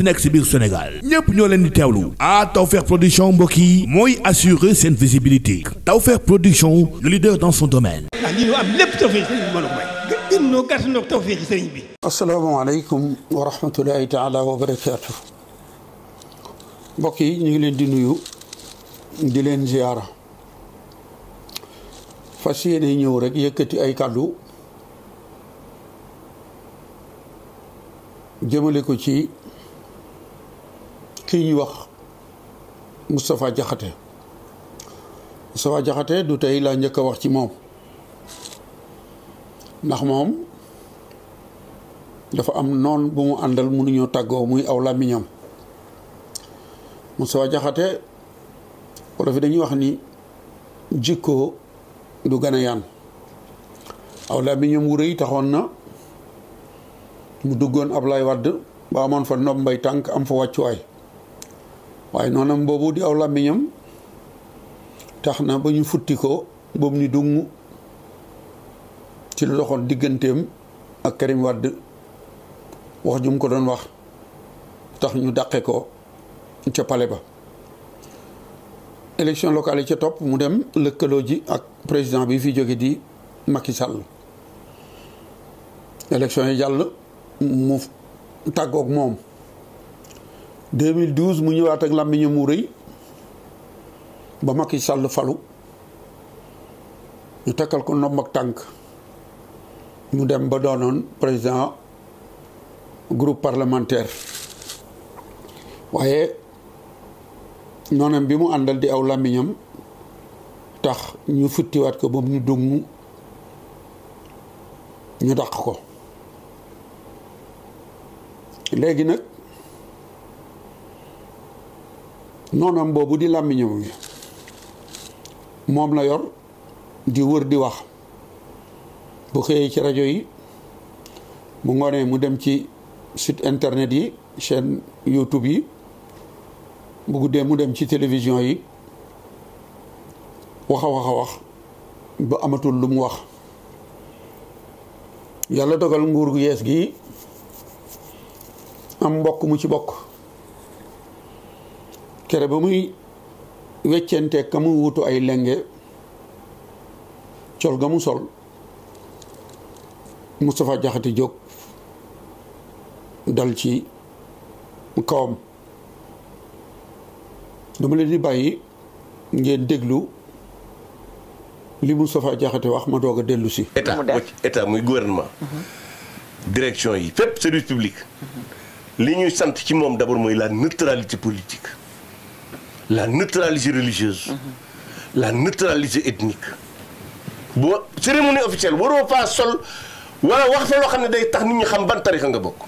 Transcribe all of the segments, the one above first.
munti nekk si biir Sénégal ñépp ñoo leen di teewlu ah Tawfekh production mbokk yi mooy assurer seen visibilité Tawfekh production le leader dans son domaine. ah lii ñu am lépp Tawfekh sëriñ bi bi. asalaamaaleykum wa rahmatulahi taala wa barakaatu. yi ñu ngi leen di nuyu. di leen ziyaara. fas yéene ñëw rek yëkkati ay kàddu. jëmale ko ci kii ñuy wax Moustapha jaxate Moustapha Diakhaté du tey laa njëkk a wax ci moom ndax moom dafa am noon bu mu àndal mënuñoo tàggoo muy aw làmmiñam Moustapha Diakhaté wala fi dañuy wax ni jikkoo du gën a yaan aw làmmiñam wu rëy taxoon na mu duggoon Ablaye Wade ba amoon fa nob mbay tànk am fa wàccuwaay waaye noonam boobu di aw làmmiñam tax na ba ñu futti ko boobu ni dung ci lu doxoon digganteem ak Karim Wade wax jum ko doon wax tax ñu dàqe ko ca pale ba élection locale yi ca topp mu dem lëkkaloo ji ak président bi fi jóge di Macky Sall élection yi jàll mu tàggook moom 2012 mu ñëwaat ak làmmiñam mu rëy ba Macky Sall falu ñu takkal ko ndomb ak tànk mu dem ba doonoon président groupe parlementaire waaye noonam bi mu àndal di aw làmmiñam tax ñu futtiwaat ko ba mu dugg ñu dàq ko léegi nag noonam boobu di làmmiñam moom la yor di wër di wax bu xëyee ci rajo yi bu ngoonee mu dem ci sit internet yi chaîne YouTube yi bu guddee mu dem ci télévision yi wax a wax a wax ba amatul lu mu wax yàlla dogal nguur gu yees gi am mbokk mu ci bokk kere ba muy weccente ka mu wutu ay lenge col ga mu sol Moustapha Diakhaté jóg dal ci kawam dama leen di bàyyi ngeen déglu li Moustapha jaxate wax ma doog a dellu si. état état muy gouvernement. Mm-hmm. direction yi fépp service public. Mm-hmm. li ñuy sant ci moom d'abord mooy la neutralité politique. la neutralité religieuse. Mhm. la neutralité ethnique. boo cérémonie officielle waroo faa sol wala wax fa loo xam ne day tax nit ñi xam ban tarixa nga bokk.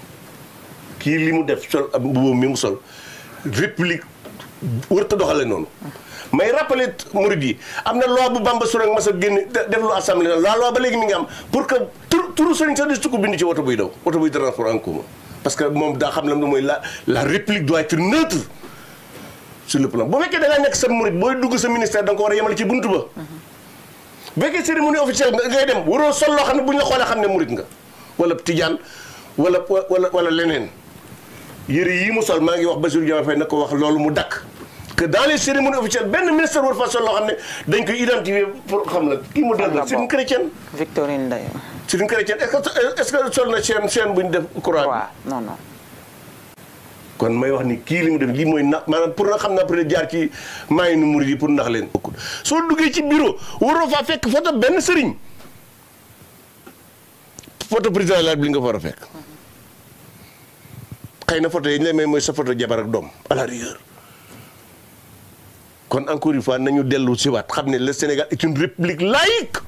kii li mu def sol ab mbubbam mi mu sol république warut a doxale noonu. may rappelé murid yi am na loi bu Bamba Sourang mas a génn def lu assemblée la loi ba léegi mi ngi am pour que tur turu sëriñ sax di tukku bind ci oto buy daw oto buy transport en commun parce que moom daa xam la mooy la la république doit être neutre. sur le plan bu fekkee da ngaa nekk sa murit booy dugg sa ministère da ko war a yemale ci buntu ba. Mhm. bu fekkee cérémonie officielle nga ngay dem waroo sol loo xam ne bu ñu la ne murit nga wala tijaan wala wala wala leneen yëre yii mu sol maa ngi wax Bassirou Diomaye Faye ko wax loolu mu dakk que dans les cérémonies officielles benn ministère war fa sol loo xam ne dañ koy xam la kii mu dëgg c'est une chrétienne. Victorine Ndeye. c'est une chrétienne est est sol na chaîne chaîne bu ñu def croix. kon may wax ni kii li mu def lii mooy na maanaam pour na xam naa peut-être jaar ci maa nu murid yi pour nax leen. soo duggee ci bureau waroo faa fekk photo benn sëriñ photo président nga fa na photo mooy sa photo doom à la rigueur kon encore une fois nañu dellu si xam ne le Sénégal est une république laïque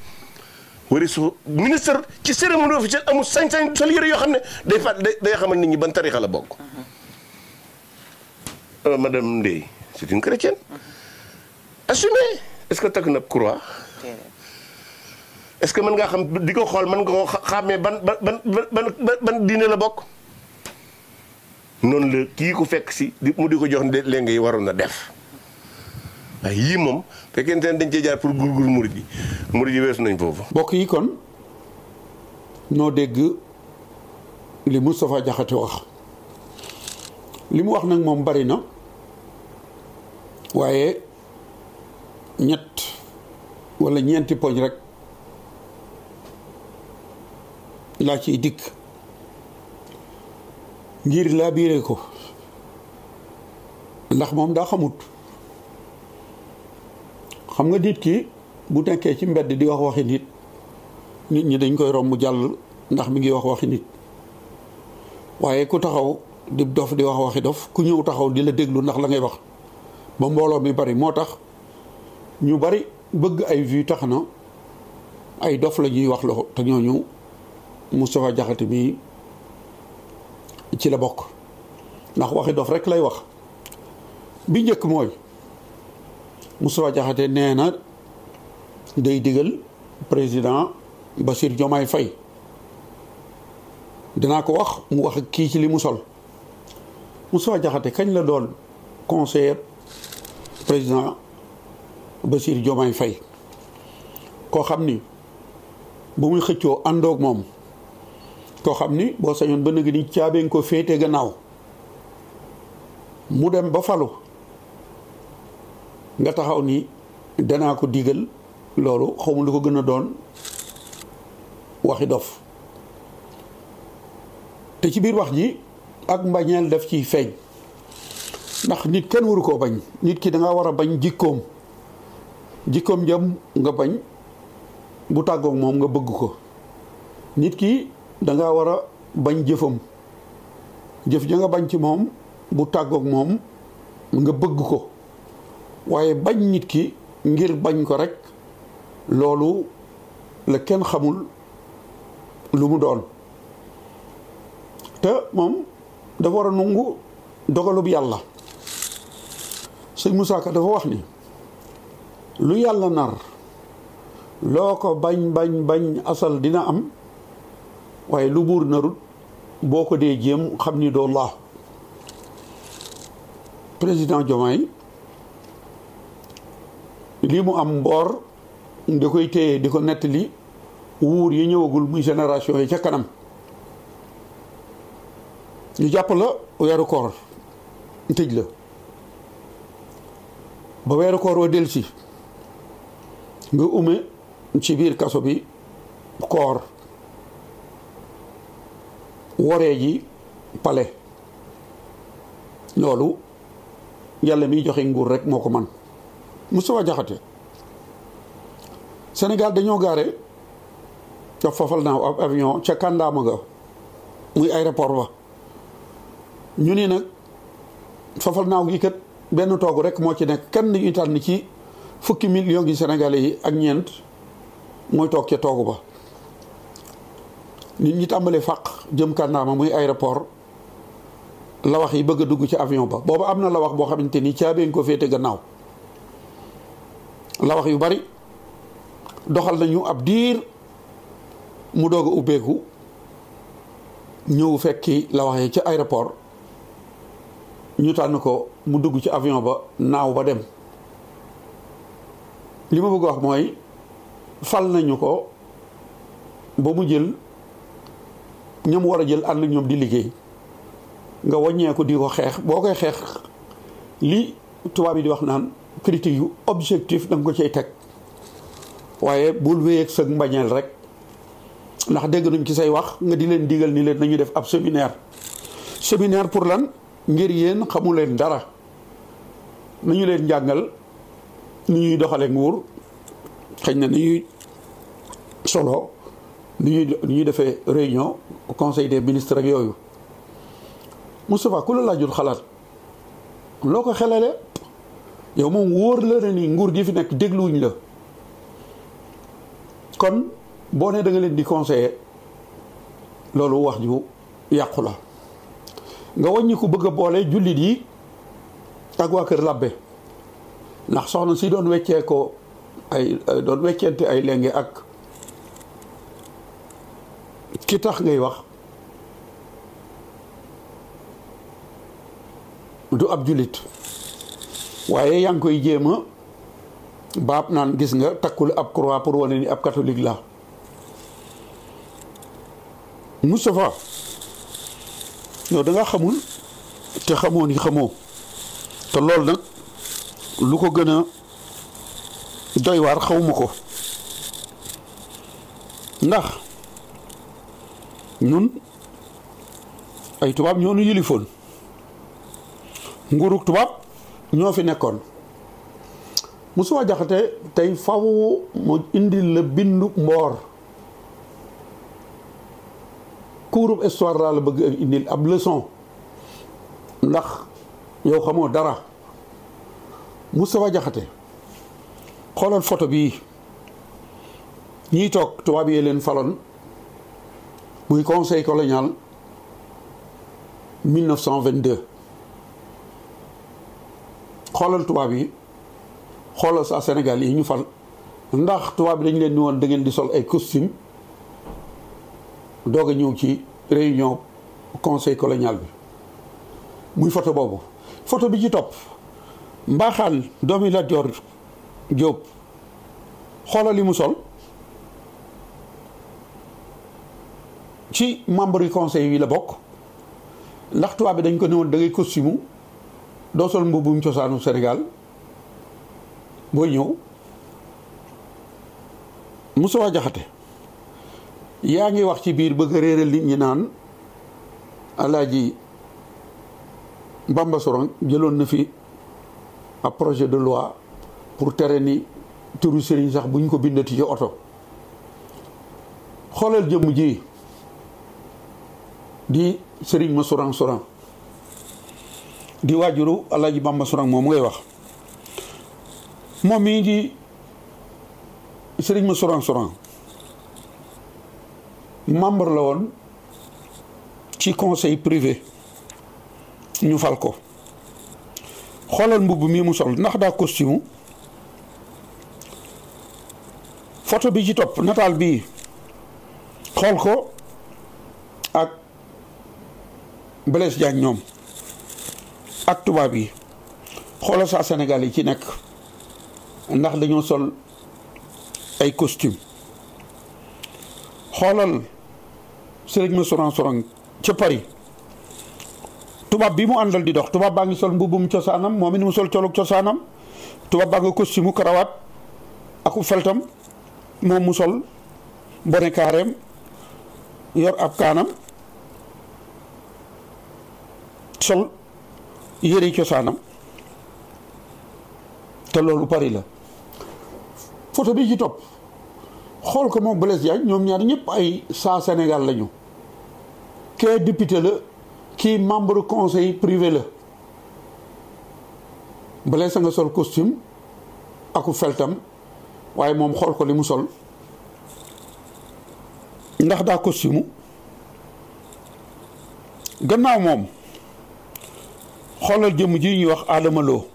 wari su ministre ci cérémonie officielle amul sañ-sañ sol yëre yoo xam ne day fa day xamal nit ñi ban tarixa la bokk euh, madame Ndeye c'est une chrétienne. Mm-hmm. assumée est-ce que takk na croix. est-ce que mën ngaa xam di ko xool mën nga ko xàmmee ban ban ban ban ban diine la bokk. noonu la kii ku fekk si mu di ko jox léegi yi waroon na def waaye yii moom fekkente ne dañ cee jaar pour gurgur murid yi murid yi weesu nañ foofu. mbokk yi kon noo dégg li Moustapha Diakhaté wax li mu wax nag moom bari na. waaye ñett walla ñeenti poñ rekk laa ciy dikk ngir laa biire ko ndax moom daa xamut xam nga diit ki bu nekkee ci mbedd di wax waxi nit nit ñi dañ koy romb jàll ndax mi ngi wax waxi nit waaye ku taxaw di dof di wax waxi dof ku ñëw taxaw di la déglu ndax la ngay wax ba mbooloo mi bari moo tax ñu bari bëgg ay vues tax na ay dof la ñuy wax loo te ñooñu Moustapha jaxate mi ci la bokk ndax waxi dof rek lay wax bi njëkk mooy Moustapha jaxate nee na day digal président Bassirou Diomaye fay dinaa ko wax mu wax ak kii ci li mu sol Moustapha Diakhaté kañ la doon conseiller président Bassirou Diomaye fay koo xam ni bu muy xëccoo àndoog moom koo xam ni boo sañoon ba nëgg ni caabeeng ko féete gannaaw mu dem ba falu nga taxaw ni danaa ko digal loolu xaw ma lu ko gën a doon waxi dof te ci biir wax ji ak mbañeel def ciy feeñ ndax nit kenn waru koo bañ nit ki danga war a bañ jikkoom jikkoom jëm nga bañ bu tàggoog moom nga bëgg ko nit ki da nga war a bañ jëfam jëf ja nga bañ ci moom bu tàggook moom nga bëgg ko waaye bañ nit ki ngir bañ ko rek loolu la kenn xamul lu mu doon te moom dafa war a nungu dogalub yàlla sëñ Moussa Ka dafa wax ni lu yàlla nar loo ko bañ bañ bañ asal dina am waaye lu buur narut boo ko dee jéem xam ni doo laaxu président Diomaye lii mu am mboor da koy téye di ko nettali wuur yi ñëwagul muy génération yi ca kanam ñu jàpp la weeru koor tëj la ba weeru koor wa delsi nga ume ci biir kaso bi koor waree ji pale loolu yàlla miy joxe nguur rek moo ko man Moustapha Diakhaté Sénégal dañoo gaare daf fafal naaw ab avion ca kàndaama nga muy aéroport ba ñu ne nag fafal naaw gi kat benn toogu rek moo ci nekk kenn ñu tànn ci fukki million gi Sénégalais yi ak ñeent mooy toog ca toogu ba nit ñi tàmbalee fàq jëm ma muy aéroport lawax yi bëgg a dugg ci avion ba booba am na la wax boo xamante ni caabeen ko féete gannaaw lawax yu bari doxal nañu ab diir mu doog a ubbeeku ñëw fekki lawax wax yi ca aéroport ñu tànn ko mu dugg ci avion ba naaw ba dem li ma bëgg wax mooy fal nañu ko ba mu jël ñoom war a jël ànd ak ñoom di liggéey nga wàññeeku di ko xeex boo koy xeex li tubaab yi di wax naan critique yu objectif da nga ko cay teg waaye bul wéyeeg sëg mbañeel rek ndax dégg nañ ci say wax nga di leen diggal ni leen nañu def ab séminaire séminaire pour lan ngir yéen xamu leen dara nañu leen njàngal ni ñuy doxale nguur xëy na ni ñuy solo ni ñuy ñuy defee réunion conseil des ministres ak yooyu Moustapha ku la laajul xalaat loo ko xelale yow moom wóor la ne ni nguur gi fi nekk dégluwuñ la kon boo ne da leen di conseiller loolu wax ju yàqu la nga wàññi ko bëgg a boole jullit yi ak waa kër labbe ndax soxna si doon weccee ko ay euh, doon weccente ay lenge ak ki tax ngay wax du ab jullit waaye yaa ngi koy jéem a baab naan gis nga takkul ab croix pour wane ni ab catholique la Moustapha yow da xamul te xamoo ni xamoo te loolu nag lu ko gën a doy waar xawma ko ndax ñun ay tubaab ñoo nu yilifoon nguurug tubaab ñoo fi nekkoon Musaa Jaxate tey faw mu indi la bindu mboor cours histoire laa la bëgg indil ab leçon ndax yow xamoo dara Moustapha Diakhaté xoolal photo bii ñiy toog tubaab yee leen faloon muy conseil colonial 1922 xoolal tubaab yi xoolal sa Sénégal yi ñu fal ndax tubaab yi dañu leen ni woon da ngeen di sol ay costume doog a ñëw ci réunion conseil colonial bi muy foto boobu photo bi ci topp mbaaxaan doomi Lat Joor Jóob xoolal li mu sol ci membre yi conseil yi la bokk ndax tubaab bi dañ ko newoon da ngay costume doo sol mbubbum cosaanu Sénégal boo ñëw Moussa Jaxate yaa ngi wax ci biir bëgg a réeral nit ñi naan alaaji Mbamba Sorong jëloon na fi ab projet de loi pour tere ni turu sëriñ sax buñ ko bindati ci oto xoolal jëmm ji di sëriñ ma Sorong Sorong di waajuru alaaji Mbamba Sorong moom ngay wax moom mii di sëriñ ma Sorong Sorong membre la woon ci conseil privé ñu fal ko xoolal mbubb mii mu sol ndax daa costume photo bi ci topp nataal bii xool ko ak Blaise Diagne ñoom ak tubaab yi xoolal saa Sénégal yi ci nekk ndax dañoo sol ay costume xoolal sëriñ ma sorong sorong ca Paris tubaab bi mu àndal di dox tubaab baa ngi sol mbubbum cosaanam moom it mu sol colug cosaanam tubaab baa nga costume karawaat aku feltam moom mu sol bone kaareem yor ab kaanam sol yëri cosaanam te loolu Paris la photo bi ci topp xool ko moom Blaise Diagne ñoom ñaar ñëpp ay saa Sénégal lañu kee député la ki membre conseil privé la Blaise nga sol costume aku feltam waaye moom xool ko li mu sol ndax daa costume gannaaw moom xoolal jëmm ji ñuy wax Adama Lo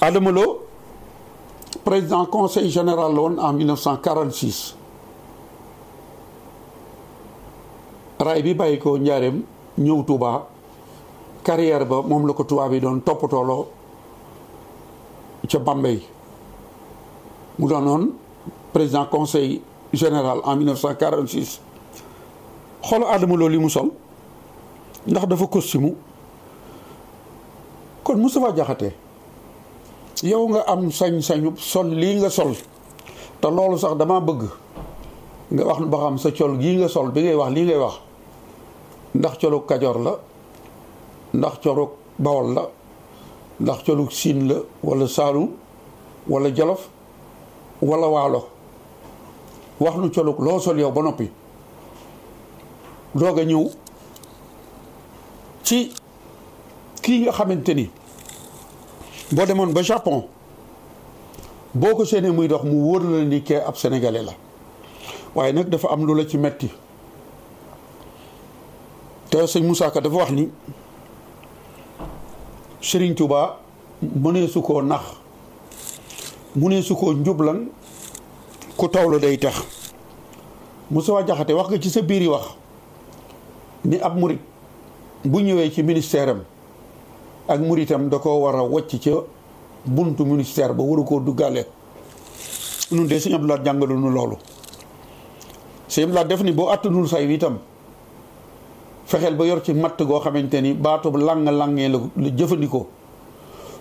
Adama Lo président conseil général la woon en 1946 raay bi bàyyi ko njaareem ñëw Touba carrière ba moom la ko tubaab yi doon toppatooloo ca Bambey mu doonoon président conseil général en 1946 xoolal Adama loolu li mu sol ndax dafa costume kon Moustapha Diakhaté yow nga am sañ-sañu sol lii nga sol te loolu sax damaa bëgg nga wax ba xam sa col gii nga sol bi ngay wax lii ngay wax ndax colug kajoor la ndax colug bawol la ndax colug siin la walla saalum wala jolof wala waalo wax nu colug loo sol yow ba noppi doog a ñëw ci kii nga xamante ni boo demoon ba Japon boo ko séenee muy dox mu wóor la ni kee ab sénégalais la waaye nag dafa am lu la ci metti te sëñ Moussa dafa wax ni Serigne Touba mëneesu koo nax mëneesu koo njublan ku tawlu day tax Moussa Jaxate wax nga ci sa biir yi wax ni ab murit bu ñëwee ci ministère am ak muritam da koo war a wocc ca buntu ministère ba waru koo duggaale nun de Sëñ Abdu Lahat jàngalu nu loolu Sëñ Abdu Lahat def ni boo àttanul say itam fexeel ba yor ci matt goo xamante ni baatub lang-langee la la jëfandikoo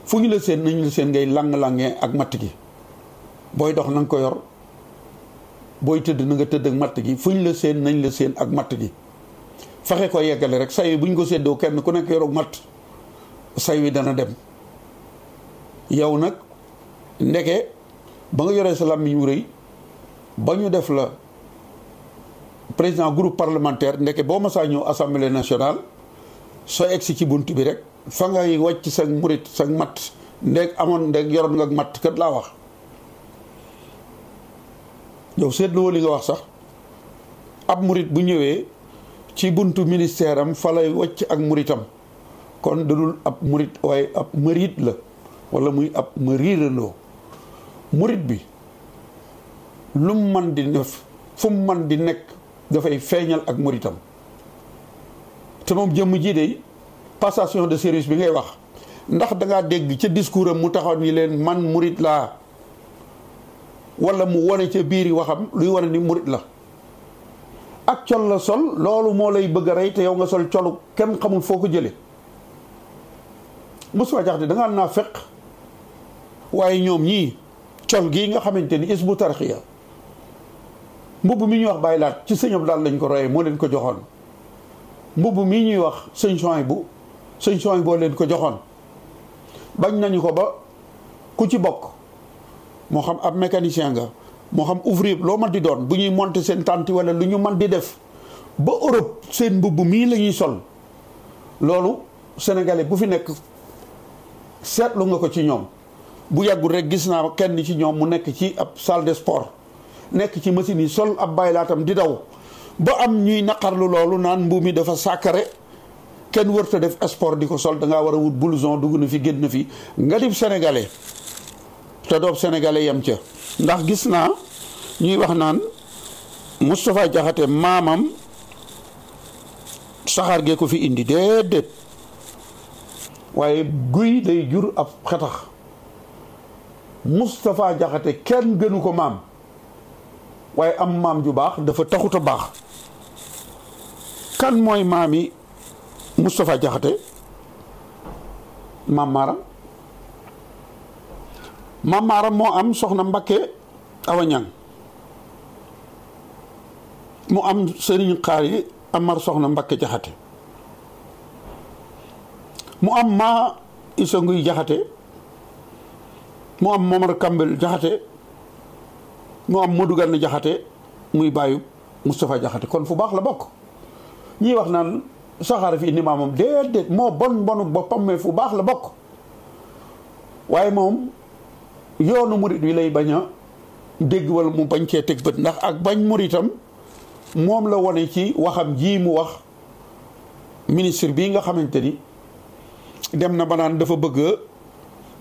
fu ñu la seen nañu la seen ngay lang-langee ak matt gi booy dox na ko yor booy tëdd na nga tëdd ak matt gi fu la seen nañ la seen ak matt gi fexe ko yeggale rek say bu ñu ko séddoo kenn ku nekk yoroo matt say wi dana dem yow nag ndeke ba nga yoree sa làmmiñ wu rëy ba ñu def la président groupe parlementaire ndeke boo masaa ñëw assemblée nationale soo egsi ci bunt bi rek fa ngay wàcc sa murit sa matt ndeg amoon ndeg yoroon nga matt kat laa wax yow seetluwoo li nga wax sax ab murit bu ñëwee ci buntu ministère am fa lay wàcc ak muritam kon dalul ab murit waaye ab mërit la wala muy ab mëriirandoo murit bi lu mu man di def fu mu man di nekk dafay feeñal ak muritam te moom jëmm ji de passation de service bi ngay wax ndax da dégg ca discours mu taxaw ni leen man murit la walla mu wone ca biir biiri waxam luy wane ni murit la ak col la sol loolu moo lay bëgg a rey te yow nga sol colu kenn xamul foo ko jële Moustapha Diakhaté da ngaa naa fekk waaye ñoom ñii col gii nga xamante ni Hizbut Tarqiyyah mbubb mi ñuy wax bàyyi laat ci sëñam daal lañ ko royee moo leen ko joxoon mbubb mii ñuy wax sëñ soy bu sëñ soy boo leen ko joxoon bañ nañu ko ba ku ci bokk moo xam ab mécanicien nga moo xam ouvrier loo man di doon bu ñuy monter seen tànti wala lu ñu man di def ba Europe seen mbubb mii lañuy sol loolu sénégalais bu fi nekk seetlu nga ko ci ñoom bu yàggul rek gis naa kenn ci ñoom mu nekk ci ab salle de sport nekk ci machine yi sol ab baylaatam di daw ba am ñuy naqarlu loolu naan mbuum mi dafa sàkkare kenn wër wërta def sport di ko sol da war a wut blouson dugg na fi génn na fi nga dib sénégalais te doob sénégalais yem ca ndax gis naa ñuy wax naan Moustapha Diakhaté maamam saxaar gee ko fi indi déedéet waaye guy day jur ab xetax Moustapha Jaxate kenn gënu ko maam waaye am maam ju baax dafa taxut a baax kan mooy maami Moustapha Jaxate maam maaram maam moo am soxna Mbakke awañan mu am sëriñ xaar yi Amar soxna Mbakke Jaxate mu am maa Issa Nguy Jaxate mu am Momar Kambel Jaxate mu am Modou Gane Jaxate muy bàyyu Moustapha Jaxate kon fu baax la bokk ñii wax naan saxaar fii ni maamam déedéet moo bon bonu boppam mais fu baax la bokk waaye moom yoonu murit wi lay bañ a dégg wala mu bañ cee teg bët ndax ak bañ muritam moom la wone ci waxam ji mu wax ministre bii nga xamante ni dem na ba naan dafa bëgg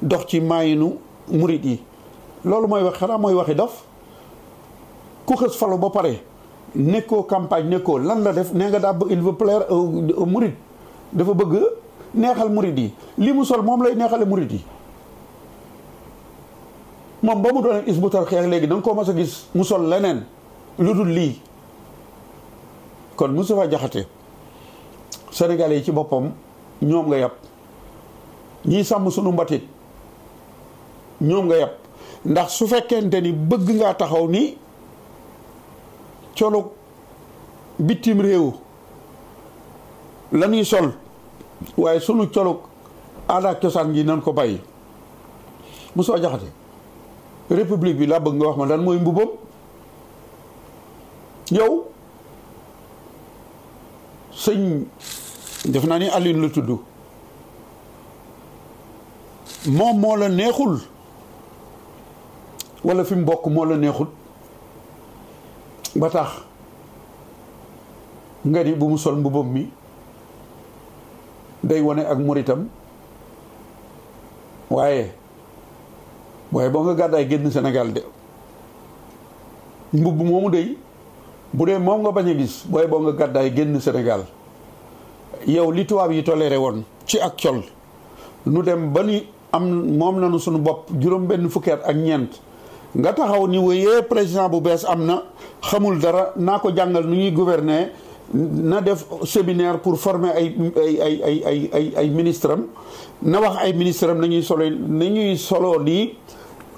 dox ci maayinu murit yi loolu mooy wax xanaa mooy waxi dof ku xës falu ba pare nekkoo campagne nekkoo lan la def nee nga daa il veut plaire murit dafa bëgg neexal murit yi li mu sol moom lay neexale murit yi moom ba mu doon is bu xeex léegi danga nga koo mas a gis mu sol leneen lu dul lii kon Moustapha Diakhaté Sénégalais yi ci boppam ñoom nga yàpp ñiy sàmm sunu mbatit ñoom nga yàpp ndax su fekkente ni bëgg ngaa taxaw nii colug bitim réew la sol waaye sunu colug aada ak cosaan gi nan ko bàyyi soo Diakhaté république bi laa bëgg nga wax ma dan mooy mbubam yow sëñ def naa ni Alioune la tudd moom moo la neexul walla fi mu bokk moo la neexul ba tax nga ni bu mu sol mbubbam mi day wone ak muritam waaye waaye boo nga gàddaay génn Sénégal de mbubb moomu day bu dee moom nga bañ a gis booy boo nga gàddaay génn Sénégal yow li tubaab yi toléré woon ci ak col nu dem ba ni am moom nañu suñu bopp juróom benn fukki ak ñeent nga taxaw ni wéyee président bu bees am na xamul dara naa ko jàngal nu ñuy gouverner na def séminaire pour former ay ay ay ay ay ay ay ministre am na wax ay ministre am ñuy solo nañuy solo lii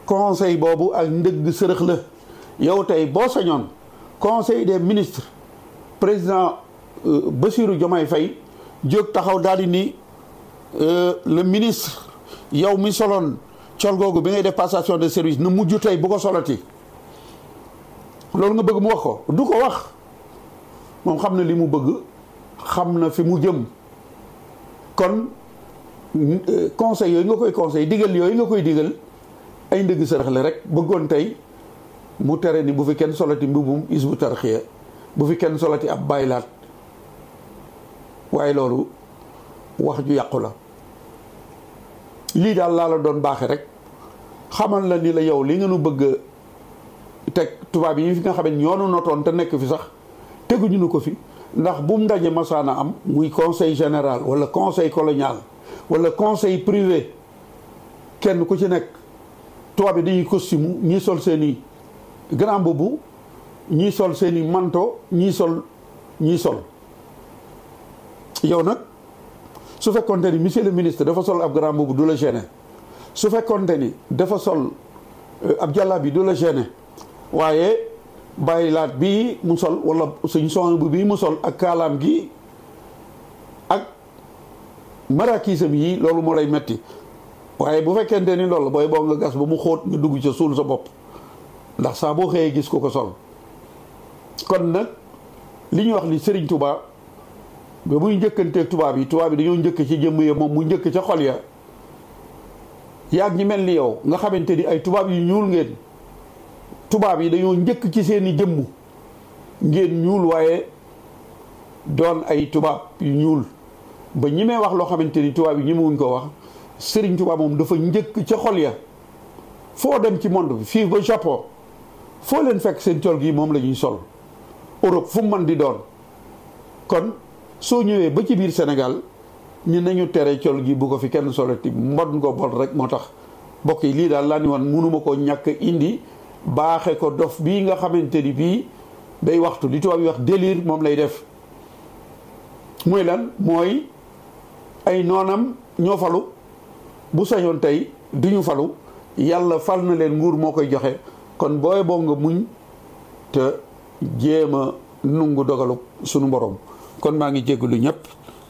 conseil boobu ak ndëgg sërëx la yow tey boo sañoon conseil des ministres président euh, Bassirou Diomaye Faye jóg taxaw daal di ni euh, le ministre yow mi soloon col googu bi ngay def passation de service nu mujj tey bu ko solati loolu nga bëgg mu wax ko du ko wax moom xam na li mu bëgg xam na fi mu jëm kon euh, conseil yooyu nga koy conseil digal yooyu nga koy diggal ay ndëgg sërëx rek bëggoon tey mu tere ni bu fi kenn solati mbubum isbu tarxiya bu fi kenn solati ab baylaat waaye loolu wax ju yàqu la lii daal laa la doon baaxee rek xamal la ni la yow li nga bëgg a teg tubaab yi fi nga xam ne ñoonu notoon te nekk fi sax teguñu nu ko fi ndax bu mu ndaje a am muy conseil général wala conseil colonial wala conseil privé kenn ku ci nekk tubaab bi dañuy costume ñii sol seen i grand boubou ñii sol seeni manto manteau ñii sol ñii sol yow nag su fekkonte ni monsieur le ministre dafa sol ab grand boobu du la gêné su fekkonte ni dafa sol euh, ab jàllaa bi du la gêné waaye bàyyilaat laat bii mu sol wala suñ son bu bii mu sol ak kaalaam gi ak marakiisam yi loolu moo lay metti waaye bu fekkente ni loolu booy boo nga gas ba mu xóot nga dugg ca suul sa bopp ndax saa boo xëyee gis ko ko sol kon nag li ñu wax li sëriñ Touba ba muy njëkkanteeg tubaab yi tubaab yi dañoo njëkk ci jëmm ya moom mu njëkk ca xol ya yaag ñi mel ni yow nga xamante ni ay tubaab yu ñuul ngeen tubaab yi dañoo njëkk ci seeni jëmm ngeen ñuul waaye doon ay tubaab yu ñuul ba ñi mee wax loo xamante ni tubaab yi ñemewuñ ko wax Sëriñ Tuubaa moom dafa njëkk ca xol ya foo dem ci monde bi fii ba Japon foo leen fekk seen col gi moom lañuy sol Europe fu mu mën di doon kon soo ñëwee ba ci biir Sénégal ñu nañu tere col gi bu ko fi kenn solati mbon ko bol rek moo tax mbokk yi lii daal laa ni woon mënuma ko ñàkk indi baaxe ko dof bii nga xamante ni bii day waxtu li tubaab yi wax délire moom lay def muy lan mooy ay noonam ñoo falu bu sañoon tey duñu falu yàlla fal na leen nguur moo koy joxe kon booy boo nga muñ te jéem a nungu dogalu sunu mboroom kon maa ngi jégalu ñëpp.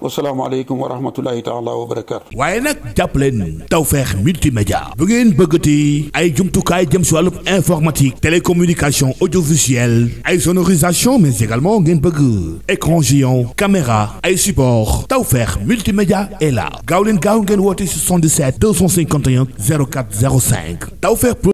asalaamaaleykum wa rahmatulahi taala wa barakaatu. waaye nag jàpp leen Tawfekh multimédia bu ngeen bëggati ay jumtukaay jëm si wàllu informatique télécommunication audiovisuelle ay sonorisation mais également ngeen bëgg écran géant caméra ay support Tawfekh multimédia est la gaaw leen gaaw ngeen woote 77 251 04 05 Tawfekh